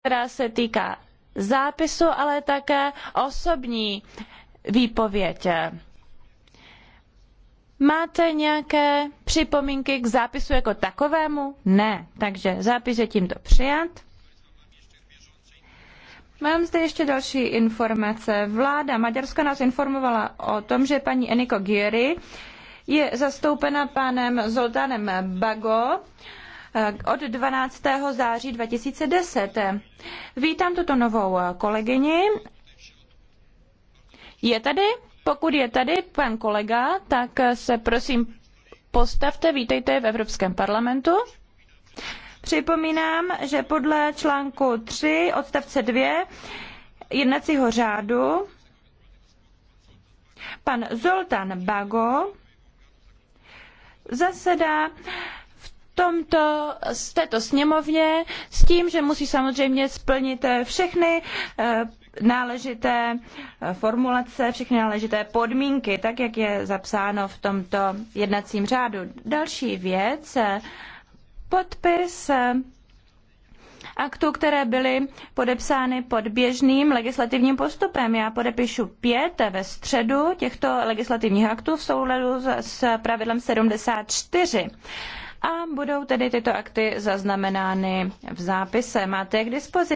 která se týká zápisu, ale také osobní výpověď. Máte nějaké připomínky k zápisu jako takovému? Ne, takže zápis je tímto přijat. Mám zde ještě další informace. Vláda Maďarska nás informovala o tom, že paní Eniko Gieri je zastoupena panem Zoltánem Bago. Eh, od 12. září 2010. Vítám tuto novou kolegyni. Je tady? Pokud je tady pan kolega, tak se prosím postavte, vítejte v Evropském parlamentu. Připomínám, že podle článku 3 odstavce 2 jednacího řádu pan Zoltán Bago zasedá tomto, z této sněmovně s tím, že musí samozřejmě splnit eh, všechny eh, náležité eh, formulace, všechny náležité podmínky, tak jak je zapsáno v tomto jednacím řádu. Další věc, podpis aktů, které byly podepsány pod běžným legislativním postupem. Já podepíšu pět ve středu těchto legislativních aktů v souladu s pravidlem 74 a budou tedy tyto akty zaznamenány v zápise. Máte je k dispozici.